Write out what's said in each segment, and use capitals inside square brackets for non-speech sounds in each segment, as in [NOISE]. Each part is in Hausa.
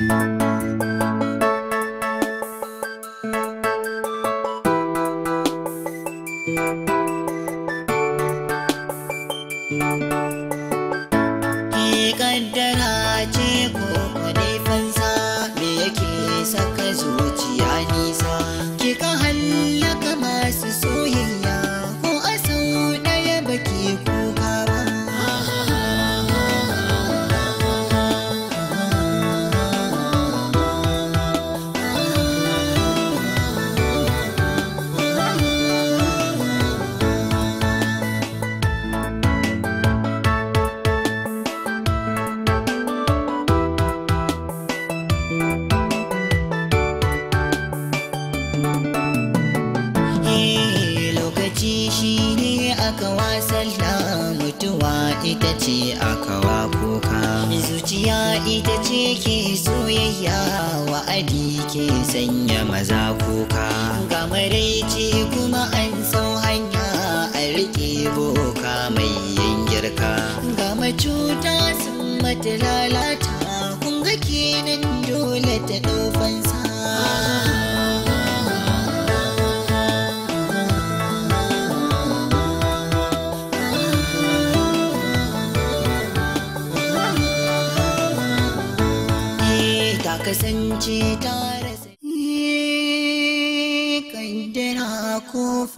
Thank you.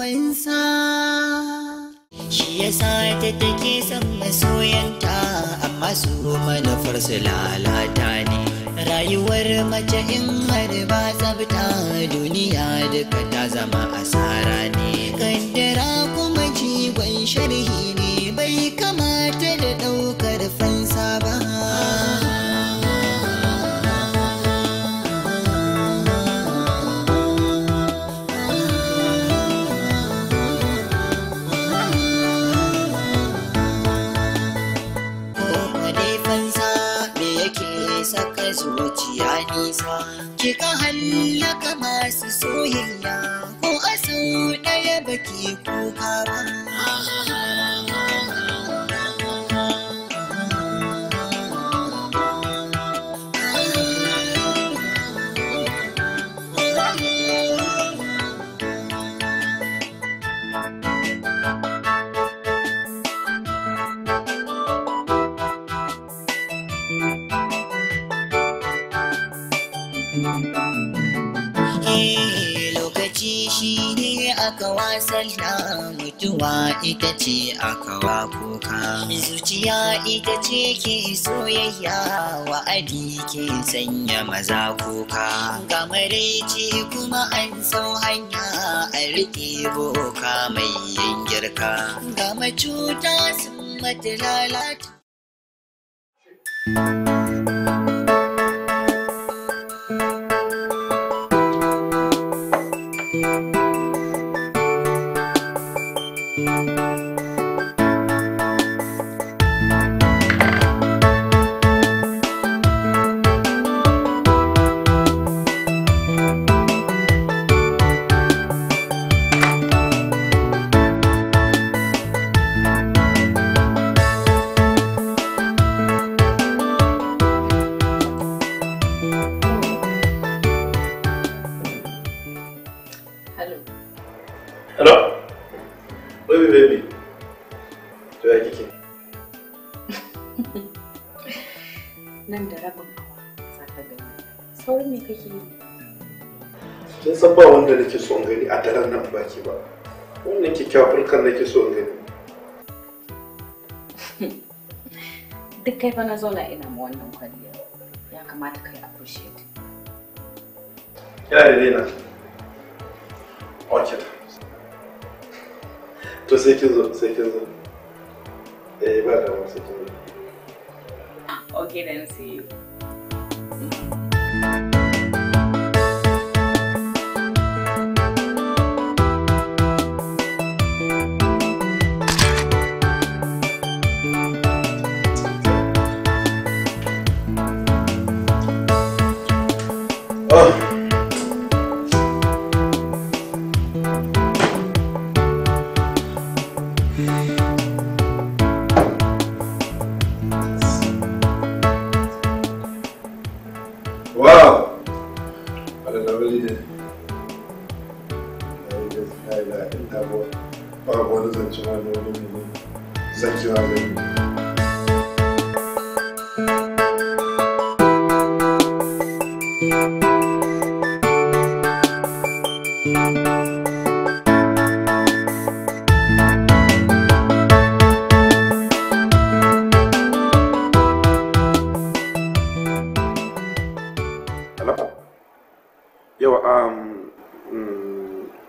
fansa shi yasa ta take son masoyanta amma su manufar su lalata ne rayuwar mace in har ba tsabta duniya duka ta zama asara ne kaddara kuma jigon sharhi ne bai kama da nisa kika hallaka masu soyayya ko a sau ɗaya baki kuka ba Eh, lokaci shi ne aka wasar na mutuwa ita ce aka wa kuka zuciya ita ce ke soyayya wa'adi ke sanya maza kuka kamar ce kuma an sau hanya a riƙe boka mai yangirka girka ga macuta sun mata lalata hakan nake so gani [LAUGHS] duk kai fa na zauna ina ma wannan kwaliya ya kamata kai appreciate yare rena ok to sai kin zo sai kin zo eh ba da sai kin zo ah, then see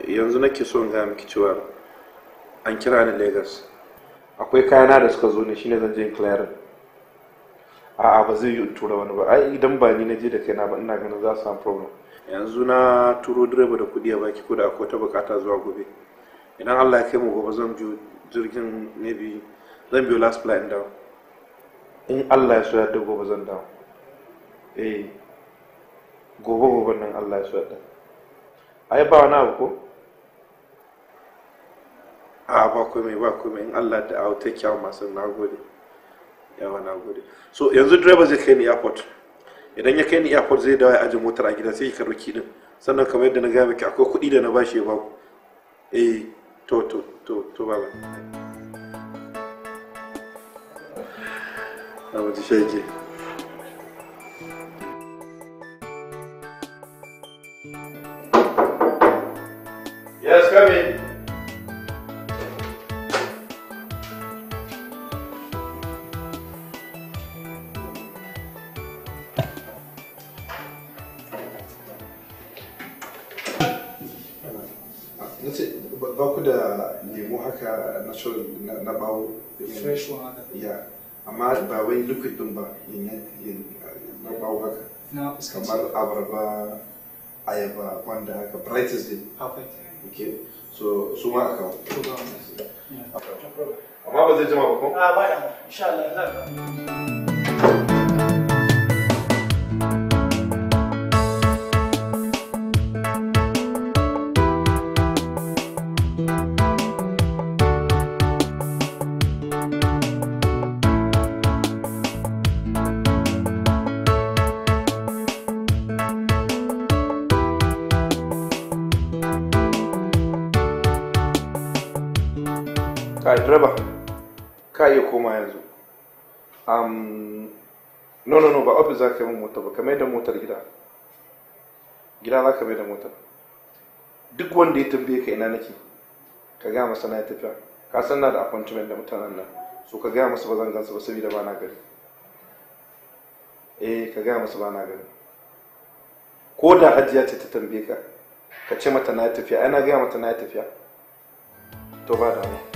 yanzu nake son in gaya miki cewa an kira ni lagos akwai kayana da suka zo ne shine zan je clearin a'a ba zai yi tura wani ba ai idan ba ni na je da kaina ba ina ganin za su samu problem yanzu na turo direba da kudi a baki ko da akwai ta bukata zuwa gobe idan allah ya kai mu gobe zan biyo jirgin ne bi zan biyo last flight down in allah ya so yadda gobe zan dawo eh gobe gobe nan allah ya so yadda ai ba wani abu ko a ba komai ba komai in Allah da a ta care masu nagode yawa nagode so yanzu driver zai kai ni airport idan ya kai ni airport zai dawo ya motar a gida sai ya karbi kidin sannan kamar yadda na gaya miki akwai kuɗi da na bashi ya ku eh to to to to ba na mutu shege Yes, come in. mu haka natural na bawo fresh one haka ya amma ba wai liquid din ba na bawo haka na kamar abarba ayaba kwanda haka brightest din okay okay so su ma aka amma ba zai jima ba ko? a ah, ba da insha Allah raba ka iya koma yanzu. Um, no, no, no, ba ofis za ka yi mota ba, ka mai da motar gida. Gida za ka mai da motar. Duk wanda ya tambaye ka ina nake, ka gaya masa na ya tafiya. Ka san na da appointment da mutanen nan, so ka gaya masa ba zan gansu ba saboda ba na gari. Eh, ka gaya masa ba na gari. Ko da hajiya ce ta tambaye ka, ka ce mata na ya tafiya, ai na gaya mata na ya tafiya. To ba da wani.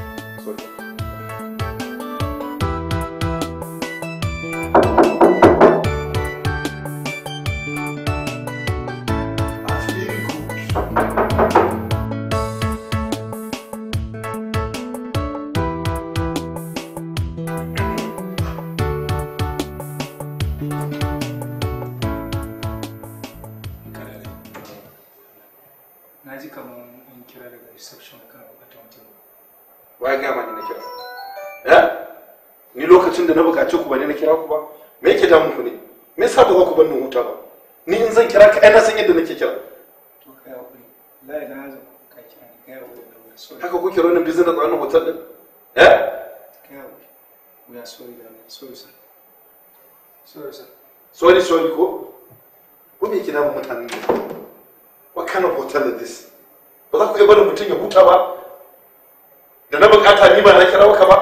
wa ga ma ni na kira ya eh? ni lokacin da na bukaci ku ba ne na kira ku ba me yake damu ku ne me yasa ba ku ban huta ba ni in zan kira ka ai na san yadda nake kira to kai hakuri na zo ka kira ni kai hakuri haka kuke rawanin business a wannan hotel din eh kai hakuri we are sorry sorry sir sorry sir sorry sorry ko ko me yake damu mutanen ne what kind of hotel is this ba za ku iya barin mutum ya huta ba da na bukata ni ba na kira ka ba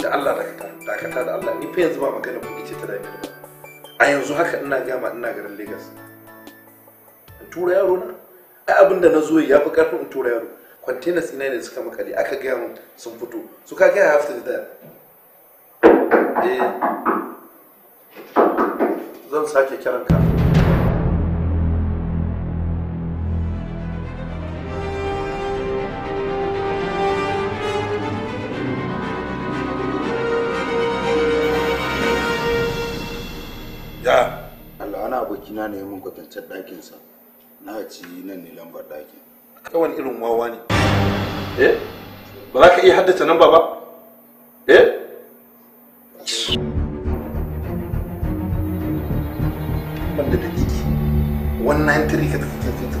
da Allah dakata da Allah ni fa yanzu ba magana ku ce ta dame ba a yanzu haka ina gama ina garin Lagos in tura yaro na ai abin da na zo ya fi karfin in tura yaro containers ina ne suka makale aka gaya mun sun fito su ka gaya hafta da eh zan sake kiran ka na ne mun kwatantar ɗakinsa na ci nan ne lambar ɗakin kawan irin wawa ne eh ba za ka iya haddace namba ba eh wanda da jiki 193 ka tafi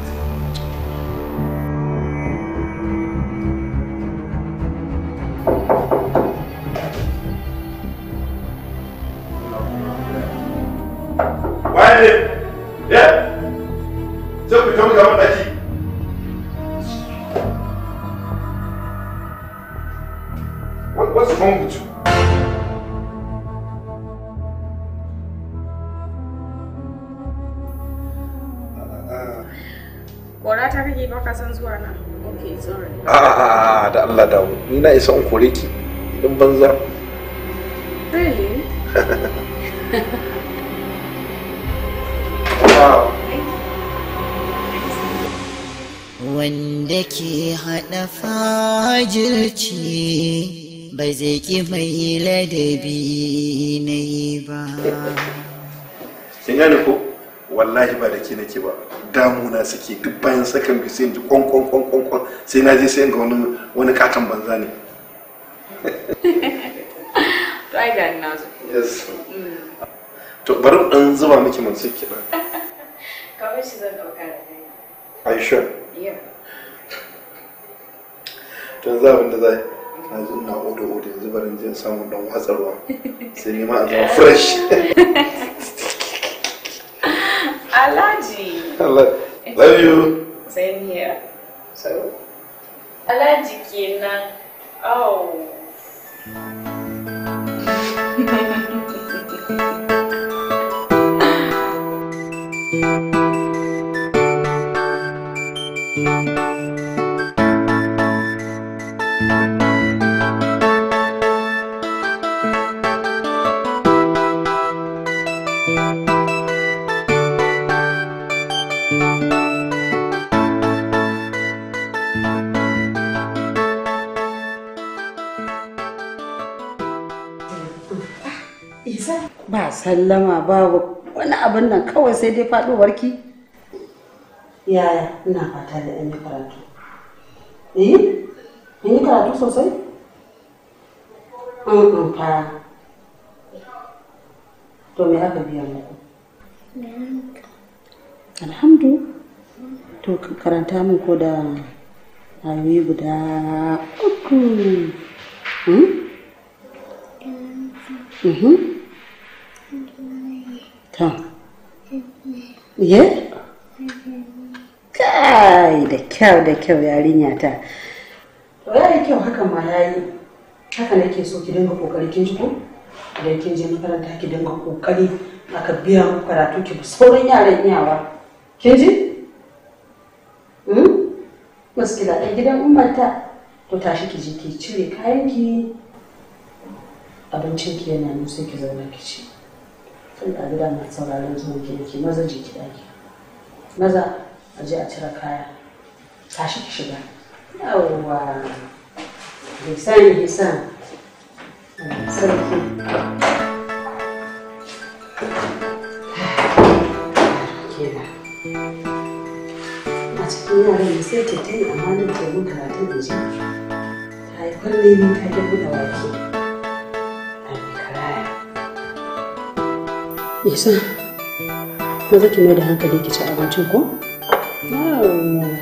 san zuwa na sorry a ah, da Allah da ni na isa kore ki really Wanda ke haɗa fajirci ba zai ƙi mai ladabi na yi ba. Kin gane ko? Wallahi ba da ke nake ba. damuna suke duk bayan sakan bi sai kon kon kon kon kon sai na je sai ga wani wani katon banza ne [LAUGHS] to ai gani na yes mm. to bari in zuba miki mun sai kiɗa [LAUGHS] ka bar shi zan dauka da kai ai sure to yanzu abin da zai na zo na odo odo yanzu bari in je samu dan hatsarwa [LAUGHS] sai ni ma a zama fresh Alaji! love, [LAUGHS] love you. Same here. So. Oh. sallama babu wani abin nan kawai sai dai faɗo barki yaya ina fata da an yi karatu eh an yi karatu sosai an mm, mm, fara. to me aka biya muku alhamdu to karanta min ko da ayoyi guda uku hmm? Mm-hmm. ta ye kai da kyau da kyau yarinya ta to ya yi kyau hakan ma ya yi haka nake so ki dinga kokari kin ji ko idan kin je makaranta ki dinga kokari aka biya muku karatu ki sauran yaran iyawa kin ji muskila hmm? ɗan gidan umarta to tashi ki je ki cire kayan ki abincin ki yana nan sai ki zauna ki ci tun da gida na sauraron zuwan ki nake maza je ki daki maza a je a cire kaya tashi ki shiga yawwa hisani hisan sarki a cikin yaran da sai ta tayi amma da ta yi karatun da ji ta yi kwalle ne ta ke buɗe wake isa ko zaki mai da hankali ki ci abincin ko yawwa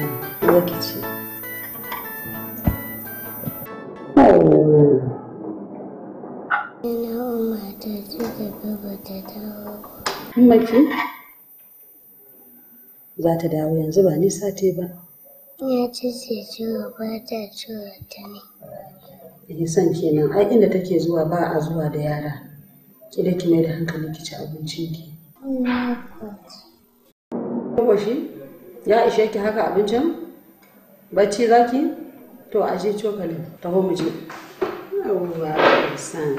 zaki ci Maki za ta dawo yanzu ba ni sati ba. Ya ce ce ciwo ba ta ciwo ta ne. ya san kenan ai inda take zuwa ba a zuwa da yara. ki da ki mai da hankali ki ci abincin ki ko ya ishe ki haka abincin bacci ki, to a je cokalin taho mu je yawwa san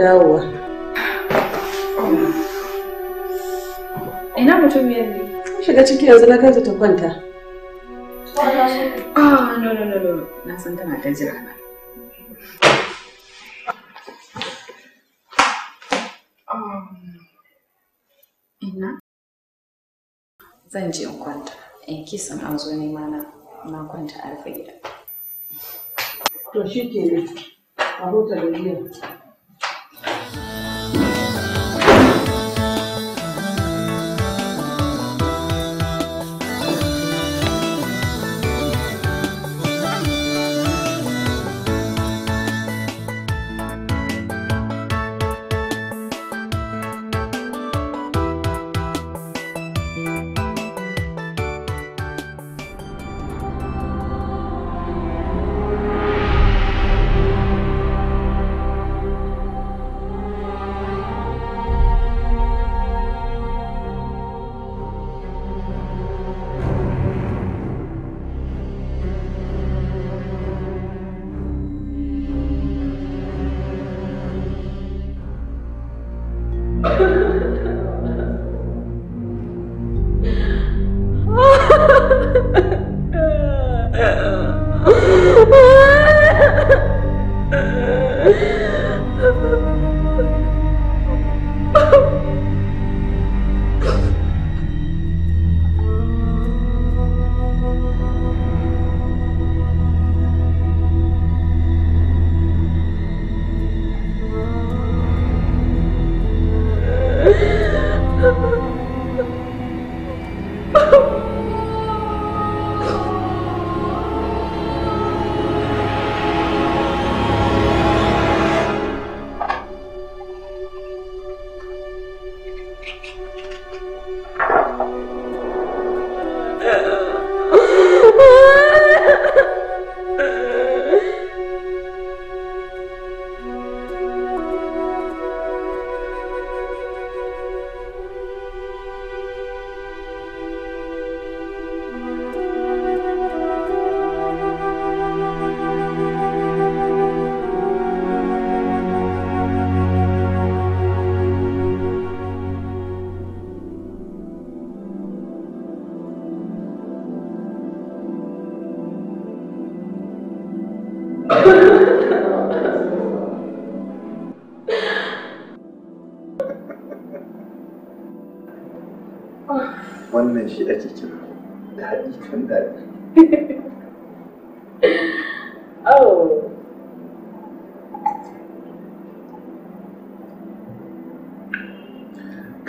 dawowa ina mutum ya ne shiga ciki yanzu na kanta ta kwanta ah no no no no um, na san tana ta jira na ina zan je in kwanta in kisan an zo ne ma na na kwanta a rufe gida to shi ke ne a huta da jiya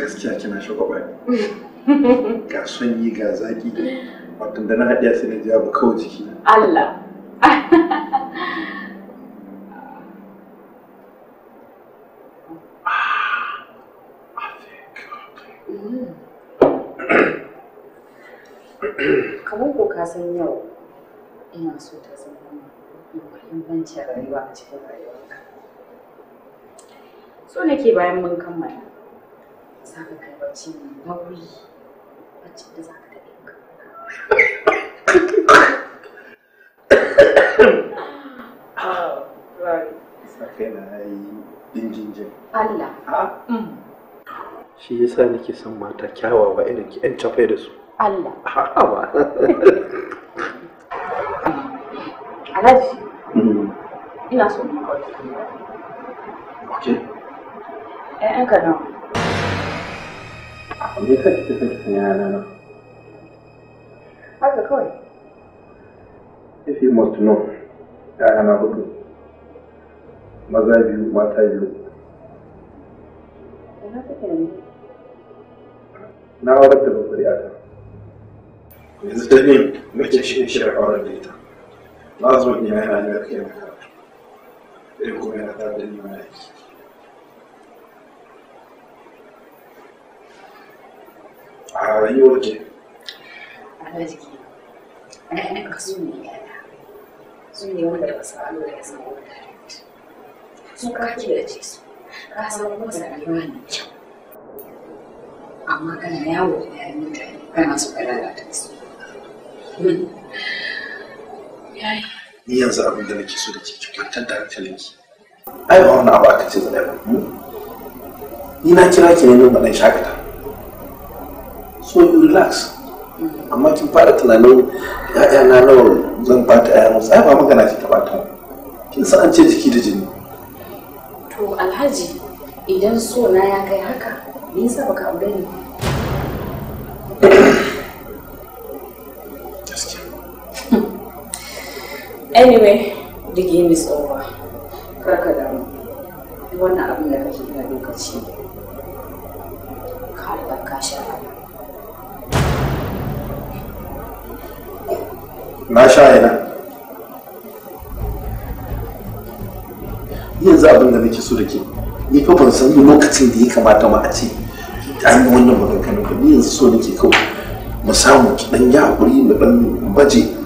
gaskiya kina shiga ne [LAUGHS] ga sanyi ga zaki wato da na haɗiya sai na ji abu kawai jiki Allah [COUGHS] kamar ko ka san yau ina so ta zama muhimmancin rayuwa a cikin rayuwarka so nake bayan mun kammala za ka kai bacci mai nauyi bacci da za ka daɗe Allah. Mm. Shi yasa nake son mata kyawawa irin ki ƴan cafai da su. Allah. Ha'awa. Alhaji. Mm. Ina so. Ok. me yasa kike son you must know yana hudu maza biyu biyu na aurar da babbar yata yanzu da ne nake shi shirin aurar da ita na zo ne eh, yana ne da kai na karatu kuma yana tare da ni mana a rayuwar ke alhaji ke ka da su ka ne kyau amma kana da mutane kana ka hmm. ni yanzu abin da nake so da ke da hankalinki ai wani abu aka ce zai ba hmm. ni na kira ki ne don ba shakata so relax amma kin fara tunanin ya'ya na nawa zan bata ya'ya musu ba magana ce ta bata kin san an ce jiki da jini to alhaji idan so na ya kai haka me yasa baka aure ni [LAUGHS] anyway the game is over kar ka wannan abin da kake da lokaci ne na sha yana yanzu abin da nake so da ke ni fa ban san lokacin da ya kamata ma a ce an yi wannan maganganun ba ni yanzu so nake kawai mu samu kiɗan ya hakuri mu ɗan baje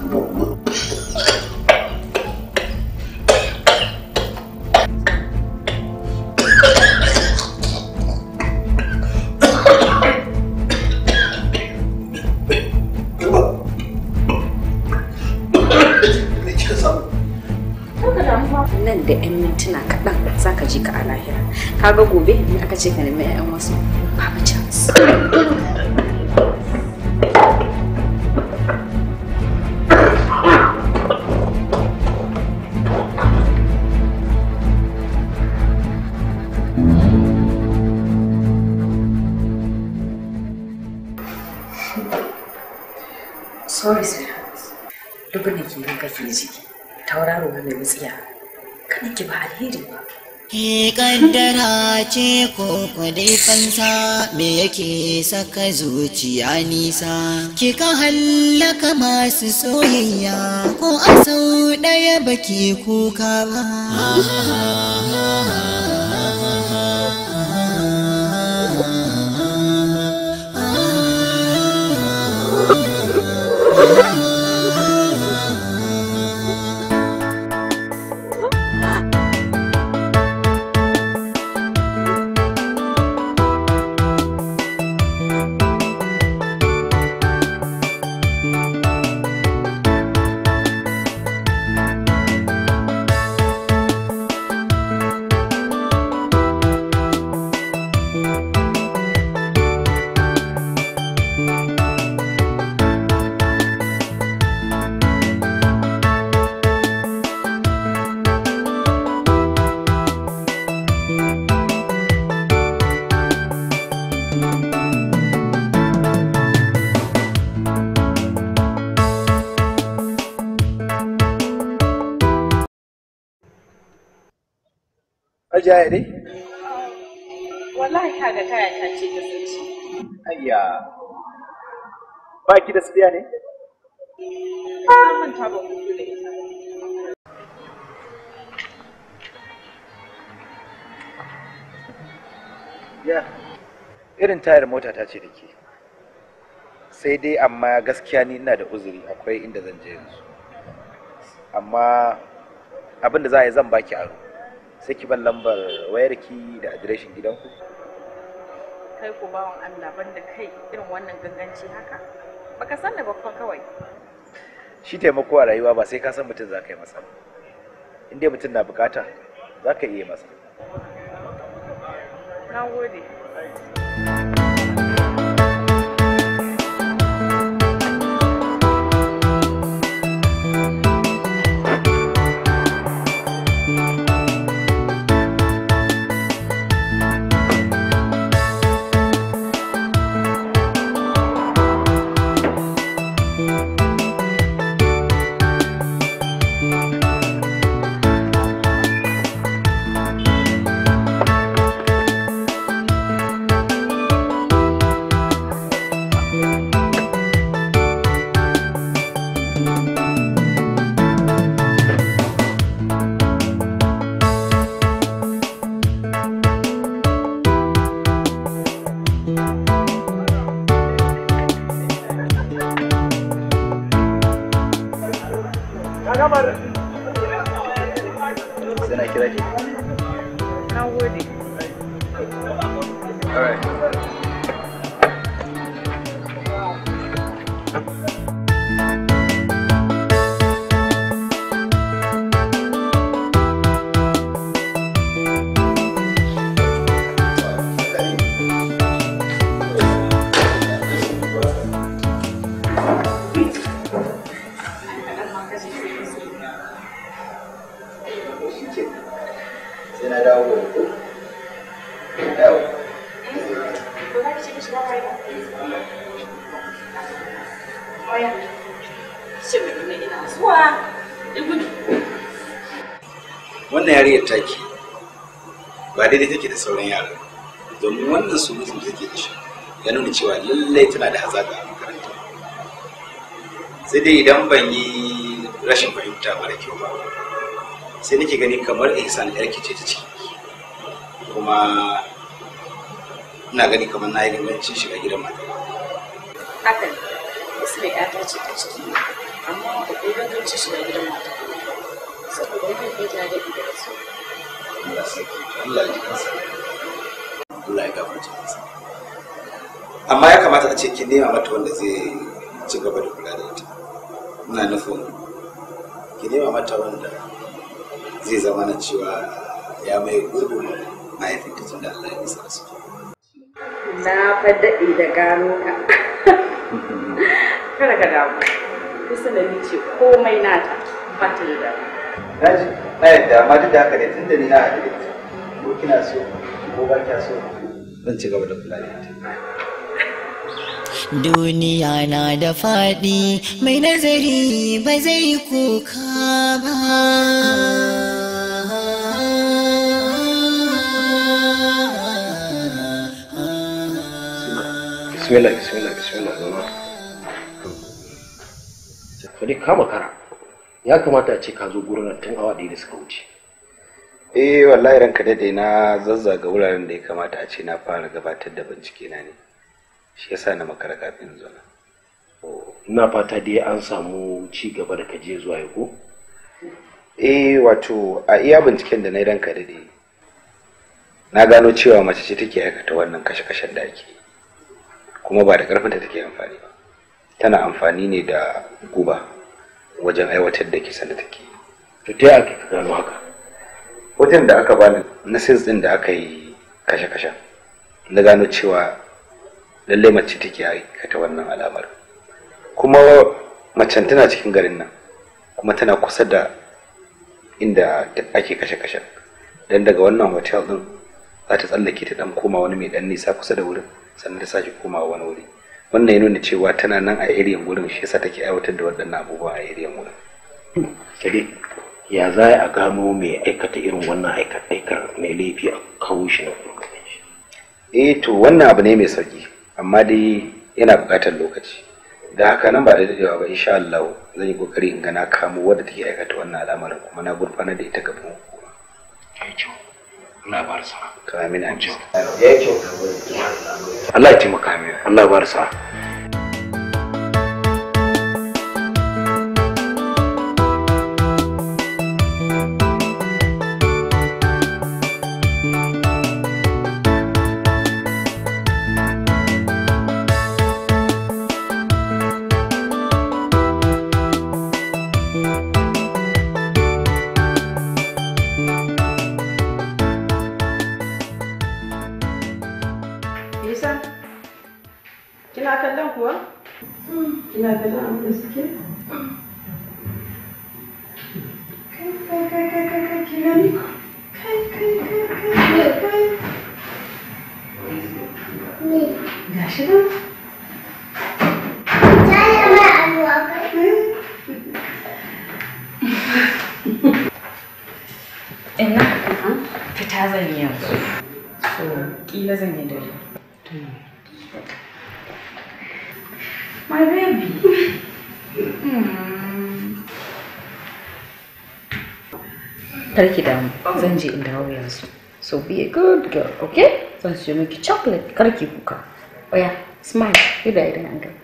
kaga gobe aka ce ka nemi 'ya'yan wasu ce ko kwadai fansa me yake saka zuciya nisa kika hallaka masu soyayya ko a sau ɗaya baki kuka ba [LAUGHS] jaya dai? Wallahi taya ta ce ta tsinci. Ayya. Ba ki da tsiya ne? Ya. Irin tayar mota ta ce da ke. Sai dai amma gaskiya ni ina da uzuri akwai inda zan je yanzu. Amma abin da za a yi zan baki aro. sai ki ban lambar wayarki da adireshin gidanku kai ku bawan Allah ban da kai irin wannan ganganci haka baka san da babban kawai shi taimako a rayuwa ba sai ka san mutum za ka yi masa Inda mutum na bukata za ka iya masa na gode Wannan na dawo gobe ba daidai take da sauran yara domin wannan su mutum take da shi ya nuna cewa lallai tana da hazaƙa a makaranta sai dai idan ban yi rashin fahimta mara kyau ba sai nake gani kamar ihsan yarki ce ta ciki kuma ina gani kamar na yi limanci shiga gidan mata hakan wasu da yata ce ta ciki amma akwai gangancin shiga gidan mata saboda wani kai ta da ido su Allah sarki Allah ya ji kansa Allah ya gafarta masa amma ya kamata a ce kin nema mata wanda zai ci gaba da kula da ita ina nufin ki nema mata wanda zai zama na cewa ya mai gurbin fita tun da Allah ya nisa su. Na fa da gano ka. Kada ka damu. Kusa da ni ce komai na ta ba ta da Na ji na yadda amma duk da haka ne tun da ni na haɗe da ita. Ko kina so ko ba kya so. Zan ci gaba da kula da ita. Duniya na da faɗi mai nazari ba zai kuka ba. bismillah ya kamata a ce ka zo gurin tun awa ɗaya da suka wuce eh wallahi ranka daidai na zazzaga wuraren da ya kamata a ce na fara gabatar da na ne shi kafin ina fata an samu ci gaba da kaje zuwa ya ko eh, da na na gano cewa mace ce take aikata wannan kashe-kashen da ake kuma ba da ƙarfinta take amfani ba tana amfani ne da guba wajen aiwatar da kisan da take to ta aka gano haka wajen da aka bani na sins din da aka yi kashe kashe na gano cewa lallai mace take aikata wannan alamar kuma macen tana cikin garin nan kuma tana kusa da inda ake kashe kashe don daga wannan hotel din za ta tsallake ta dan koma wani mai dan nisa kusa da wurin sannan ta sake komawa wani wuri wannan ya nuna cewa tana nan a iriyan wurin shi yasa take aiwatar da waɗannan abubuwa a iriyan wurin kade ya za a gano mai aikata irin wannan aikar mai laifi a kawo shi na kurkuku eh to wannan abu ne mai sauki amma dai yana buƙatar lokaci da haka nan ba da dadewa ba insha Allah zan yi kokari in gana kamo wadda take aikata wannan al'amarin kuma na gurfana da ita gaban hukuma ina ba da sa'a kamin an ji Allah ya taimaka min Allah ya taimaka min Allah ya ba da sa'a karki damu zan je in dawo yanzu so be a good girl okay zan siyo miki chocolate karki kuka oya smile yi da idan an gaba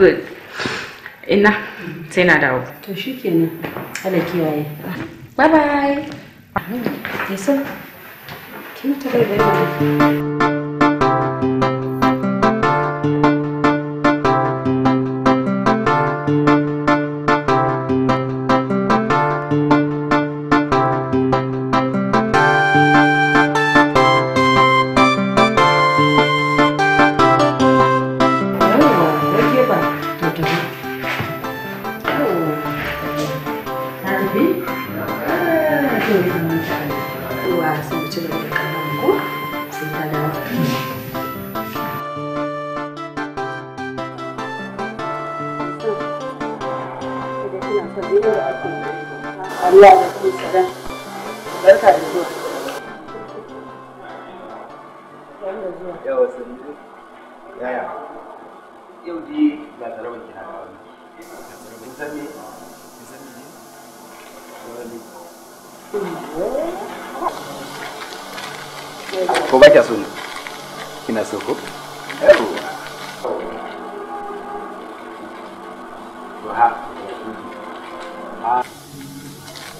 good ina sai na dawo to shikenan ala kiyaye bye bye ne nisan kin ta bai bai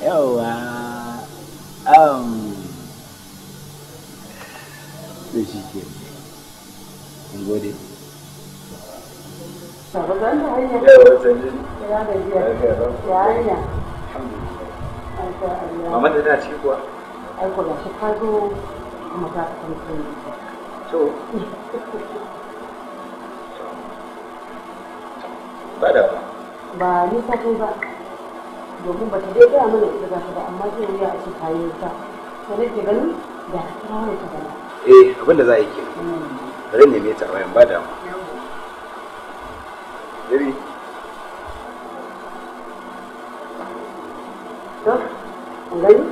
yauwa um da shi ke gode Mama da kuwa? Aiko da shi kuma ta kasance so ba da ba ni ta ba domin ba ta dai gaya mana ita za ba amma zai wuya a ce ta yi ta ta nake ganin eh, da ta kawo ta gani eh abinda za a yi ke hmm. bari neme ta bayan ba da Dari. to, an gani?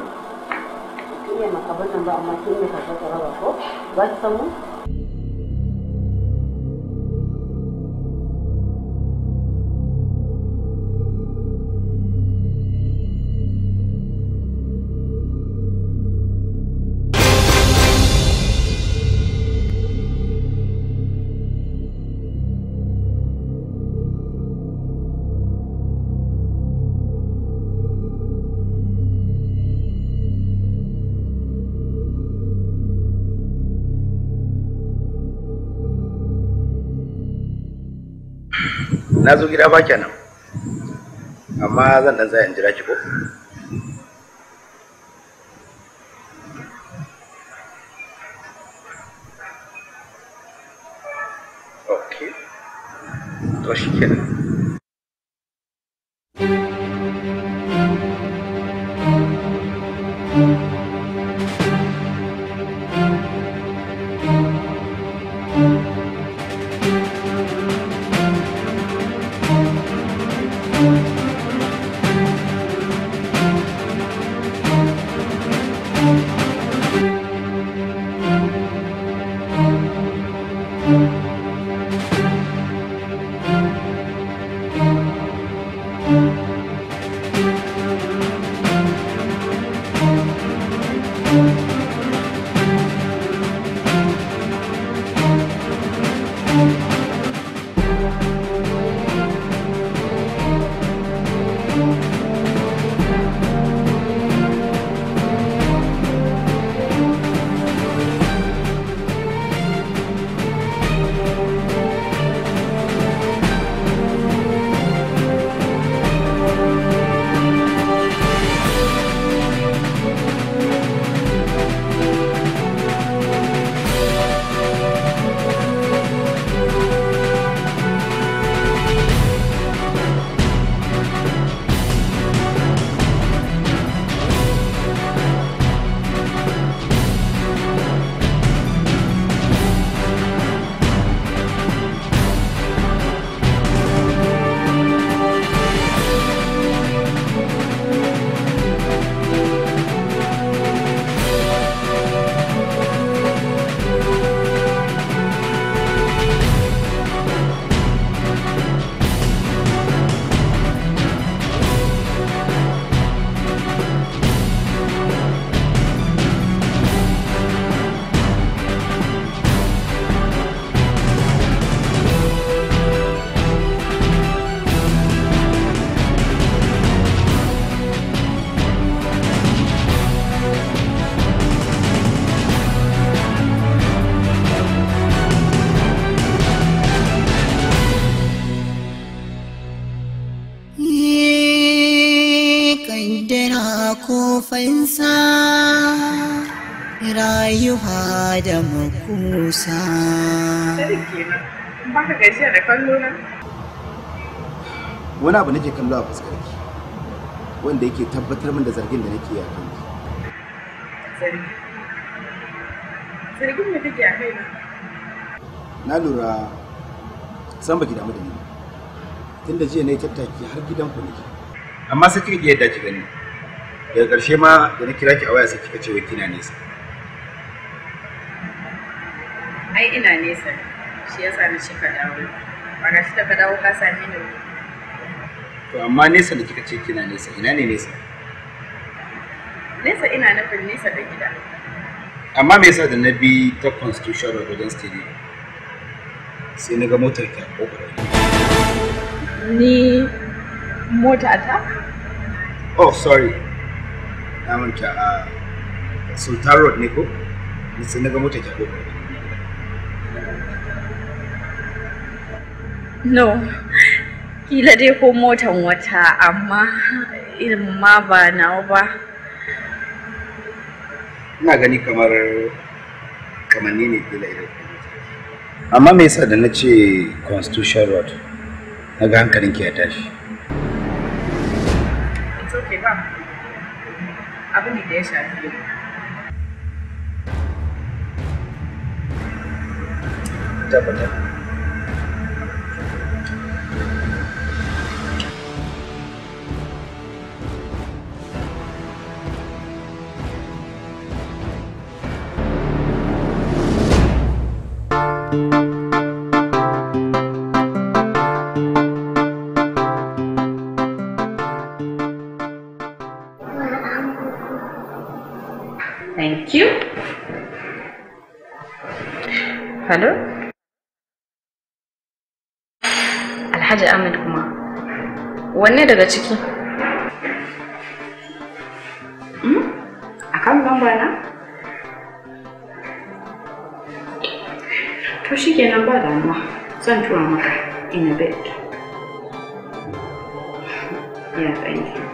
Iya maka ba amma kin raba ko? Like someone? na zo gida ba kenan amma zan dan tsaya in jira ki ko da makusa wani abu nake kallo a fuskarki wanda yake tabbatar min da zargin da nake a kanki zargin da kake a kaina na lura san baki damu da ni tunda jiya na yi tattaki har gidan ku nake amma sai kika iya dace gani daga ƙarshe ma da na kira ki a waya sai kika ce wai kina nesa ai ina nesa shi ya sami shi ka dawo ba ga shi da ka dawo ka sami ni to amma nesa da kika ce kina nesa ina ne nesa nesa ina nufin nesa da gida amma me yasa da na bi ta constitution road wajen stadium sai na ga motar ta a ni mota ta oh sorry na manta a ah, sultan road ne ko sai na ga motar ta a no kila dai ko motan wata amma irin ma ba nawa ba ina gani kamar kamanni ne kila irin amma me yasa da na ce constitution road na ga hankalin ki ya tashi it's okay ba abin da ya shafi tabbatar ɗaya daga ciki hmm? a kan lamba na? to shi nan ba damuwa zan tura maka in a bit yeah thank you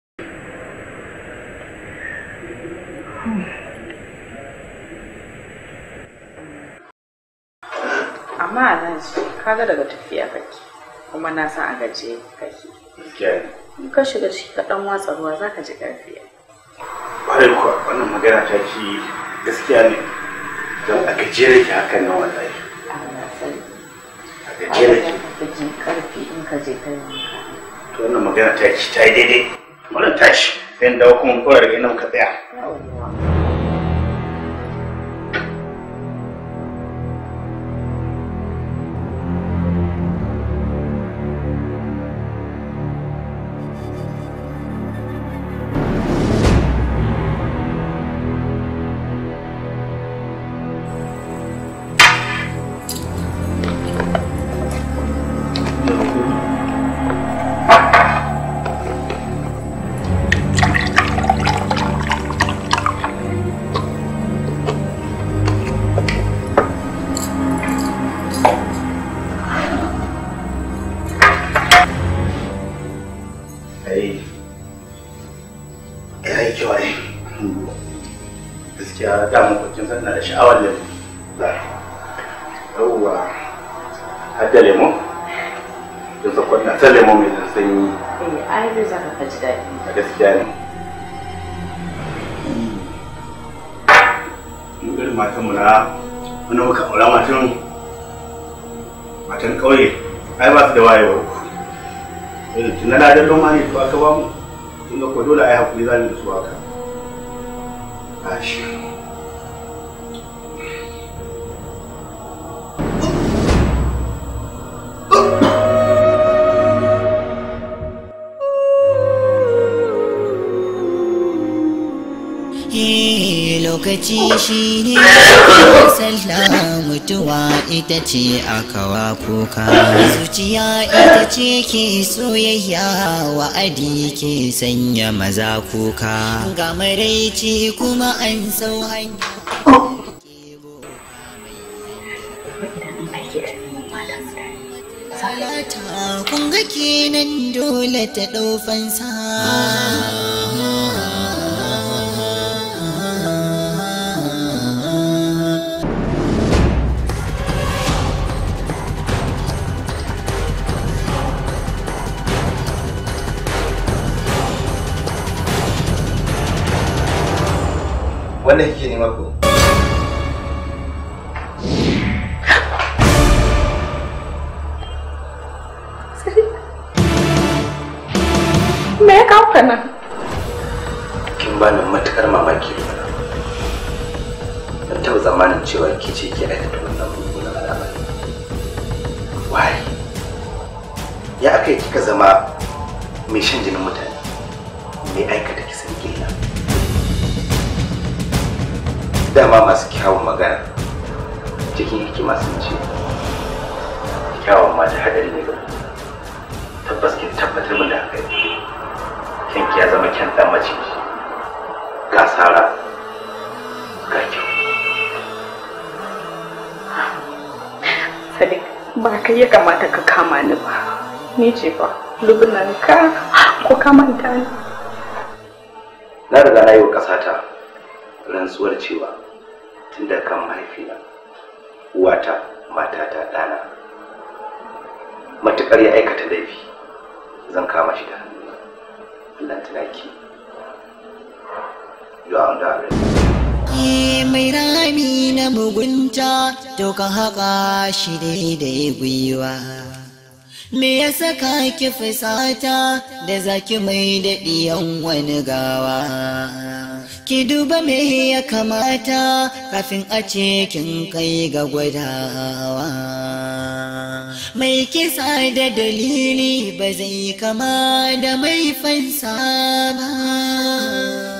yanzu kaga daga tafiya kake kuma na san a gaje kake in ka shiga ciki ka dan watsa ruwa za ka ji ƙarfi ƙwarai kuwa wannan magana ta ki gaskiya ne don a gajere ki haka na wallahi a gajere ki ka in ka je kai to wannan magana ta ki ta yi daidai wannan tashi sai in dawo kuma ko daga nan ka tsaya sha'awar lemu yawwa hadda lemu da zakon na ta lemu mai da sanyi eh ai zai zaka ka ji daɗi a gaskiya ne mu matan mu na wani muka aura matan matan ƙauye ai ba su da wayewa eh, irin tun na ladan ma ne tuwa aka ba mu tun da ko dole ai hakuri za mu da su haka Acho. lokaci shi ne sallah mutuwa ita ce a kawa kuka zuciya ita ce ke soyayya wa'adi ke sanya maza kuka ga maraici kuma an sau hanya Salata kun ga kenan dole ta ɗaufansa ¿Cuál ka ko ka manta ni na riga na yi wa ƙasata rantsuwar cewa tun da kan mahaifina uwata matata ɗana matuƙar ya aikata laifi zan kama shi da hannu Allah tunaki you are under arrest mai rami na mugunta to ka haƙa shi daidai gwiwa Me ya saka ki fusata da zaki mai yan wani gawa? Ki duba me ya kamata kafin a ce kin kai ga gwadawa. Mai kisa da dalili ba zai kama da mai fansa ba.